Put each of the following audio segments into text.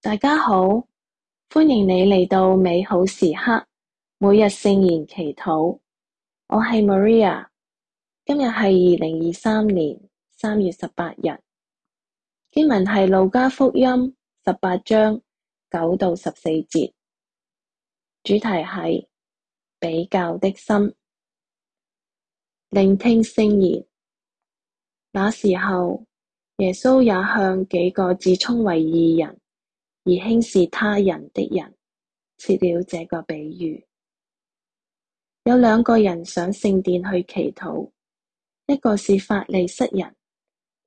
大家好，歡迎你嚟到美好時刻每日聖言祈禱。我係 Maria，今日係二零二三年三月十八日，經文係路加福音十八章九到十四節，主題係比較的心，聆聽聖言。那時候耶穌也向幾個自充為義人。而輕視他人的人，設了這個比喻：有兩個人上聖殿去祈禱，一個是法利塞人，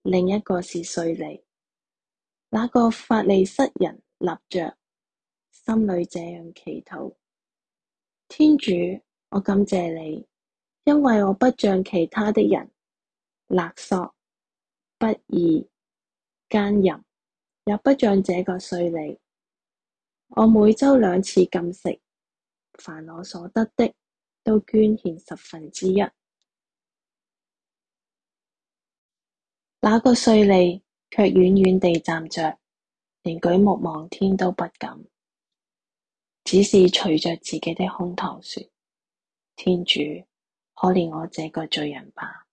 另一個是稅吏。那個法利塞人立着，心裏這樣祈禱：天主，我感謝你，因為我不像其他的人，勒索、不義、奸淫。也不像這個稅吏。我每週兩次禁食，凡我所得的都捐獻十分之一。那個稅吏卻遠遠地站着，連舉目望天都不敢，只是捶着自己的胸膛說：天主，可憐我這個罪人吧！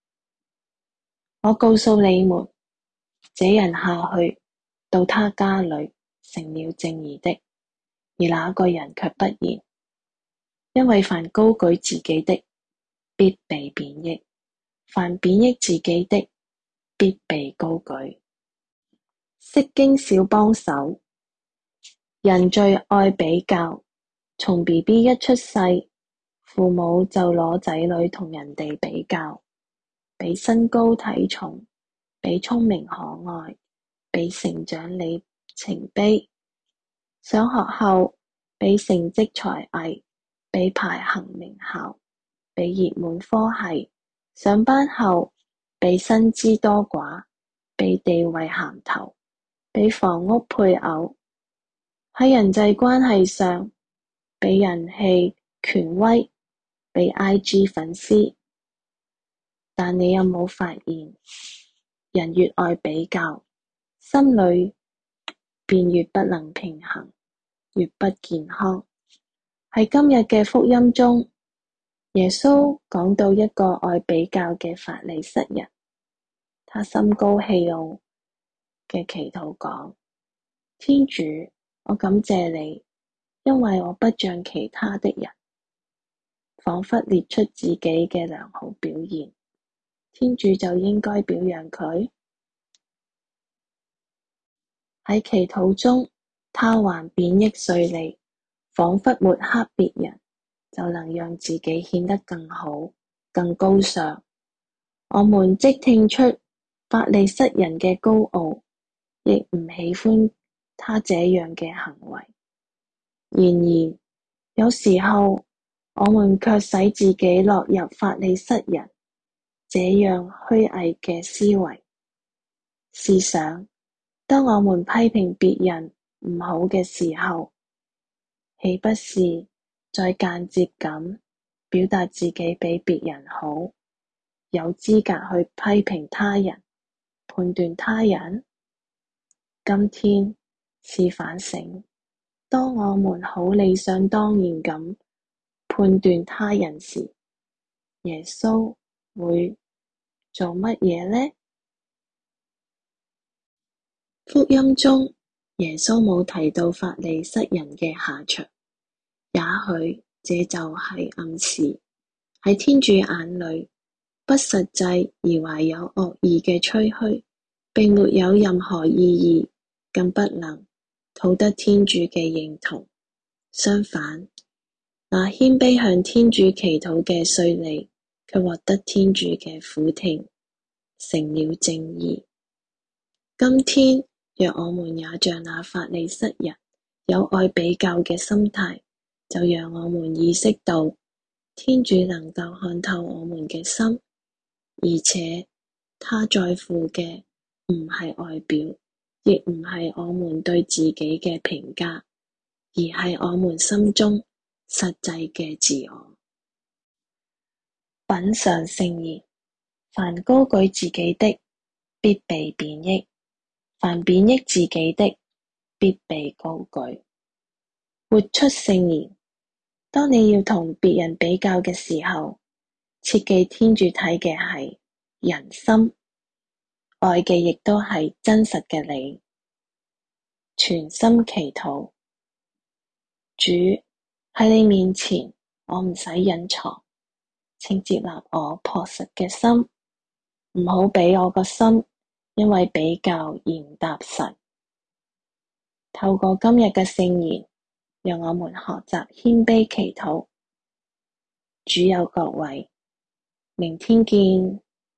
我告訴你們，這人下去。到他家裏成了正義的，而那個人却不然，因為凡高舉自己的，必被貶抑；凡貶抑自己的，必被高舉。釋經小幫手，人最愛比較。從 BB 一出世，父母就攞仔女同人哋比較，比身高、體重，比聰明、可愛。比成長里程碑，上學後比成績才藝，比排行名校，比熱門科系；上班後比薪資多寡，比地位銜頭，比房屋配偶。喺人際關係上比人氣權威，比 IG 粉絲。但你有冇發現，人越愛比較，心裏便越不能平衡，越不健康。喺今日嘅福音中，耶穌講到一個愛比較嘅法利塞人，他心高氣傲嘅祈禱講：天主，我感謝你，因為我不像其他的人，仿佛列出自己嘅良好表現，天主就應該表揚佢。喺祈禱中，他還貶抑稅吏，仿佛抹黑別人就能讓自己顯得更好、更高尚。我們即聽出法利塞人嘅高傲，亦唔喜歡他這樣嘅行為。然而，有時候我們卻使自己落入法利塞人這樣虛僞嘅思維。試想，當我們批評別人唔好嘅時候，豈不是在間接咁表達自己比別人好，有資格去批評他人、判斷他人？今天試反省，當我們好理所當然咁判斷他人時，耶穌會做乜嘢呢？福音中耶穌冇提到法利塞人嘅下場，也許這就係暗示喺天主眼裏，不實際而懷有惡意嘅吹噓，並沒有任何意義，更不能討得天主嘅認同。相反，那謙卑向天主祈禱嘅稅吏，卻獲得天主嘅俯聽，成了正義。今天，若我們也像那法利塞人有愛比較嘅心態，就讓我們意識到，天主能夠看透我們嘅心，而且祂在乎嘅唔係外表，亦唔係我們對自己嘅評價，而係我們心中實際嘅自我。品嚐聖言，凡高舉自己的，必被貶抑。凡貶抑自己的，必被高舉。活出聖言。當你要同別人比較嘅時候，切記天主睇嘅係人心，愛嘅亦都係真實嘅你。全心祈禱，主喺你面前，我唔使隱藏，請接納我樸實嘅心，唔好俾我個心。因為比較而不踏實，透過今日嘅聖言，讓我們學習謙卑祈禱。主有各位，明天見。